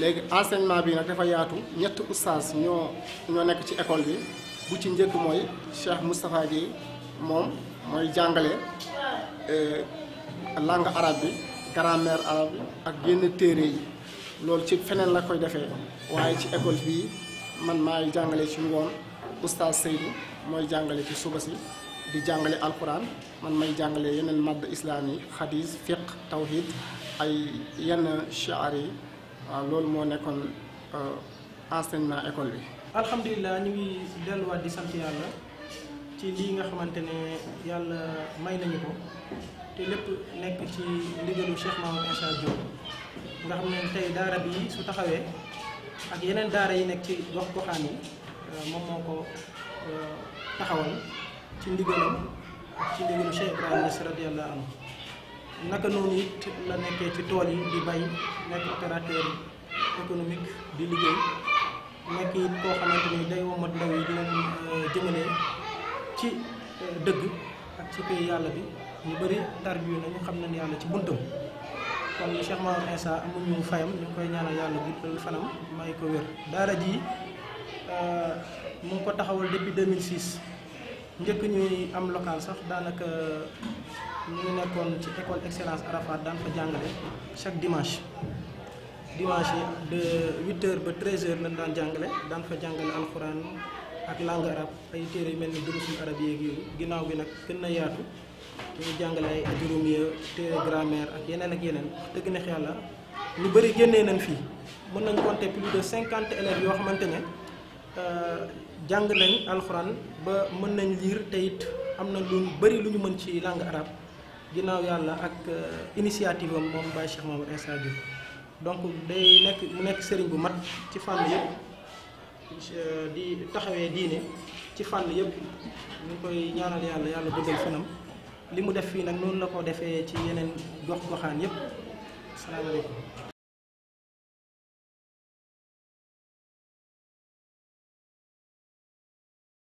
léegi enseignement bi nag dafa yaatu ñetti oustaz ñoo ñoo nekk ci école bi bu ci njëkk mooy Cheikh Moustapha gi moom mooy jàngale euh, langue arabe bi grammaire arabe bi ak yenn téere yi loolu ci feneen la koy defee waaye ci école bii man maay jàngale ci ngoon oustaz Seydou mooy jàngale ci suba si di jàngale alquran man may jàngale yeneen madd islam yi xadis fiq tawhid ay yenn chiar yi waaw loolu moo nekkoon euh, enseignement école yi alhamdulilah ñu ngi delluwaat di sant yàlla ci lii nga xamante ne yàlla may nañu ko te lépp nekk ci ndigalu Cheikh Mamadou Insa nga xam ne tey daara bi su taxawee ak yeneen daara yi nekk ci gox goxaan yi euh, moom moo ko euh, taxawal ci ndigalam ak ci ndigalu Cheikh Ibrahima Niass radiyallahu anhu naka noonu it la nekké ci tool yi di bay nek opérateur économique di liggéey nek it ko xamanteni ni day womat ndaw yi di leen euh, jëmele ci euh, dëgg ak ci pay yalla bi ñu bëri tarbiyu nañu xam nañ yalla ci buntu kon ni cheikh mahamad amu ñu fayam ñu koy ñaanal yàlla guddal fanam may ko wër dara ji euh mu ko taxawal depuis 2006 ñëk ñuy am local sax daanaka ñu nekkoon ci école excellence arafat daan fa jàngale chaque dimanche dimanche de 8 heures ba 13 heures lañ daan jàngale daan fa jàngale alxuraan ak langue arab ay téere yu mel ni durusul arab yeeg yooyu ginnaaw bi nag gën na yaatu ñu jàngale ay ajurumiya téere grammaire ak yeneen ak yeneen wax dëgg neex yàlla ñu bëri génnee nañ fii mën nañ compter plus de 50 élèves yoo xamante ne euh, jàng nañ alxuraan ba mën nañ lire te it am na lu bëri lu ñu mën ci langue arabe ginnaaw yàlla ak euh, initiative am moom Baye Cheikh Mamadou Insa Diouf donc day nekk mu nekk sëriñ bu mat ci fànn yëpp euh, di taxawee diine ci fànn yëpp ñu koy ñaanal yàlla yàlla bëggal fanam li mu def fii nag noonu la ko defee ci yeneen gox goxaan yëpp salaamaaleykum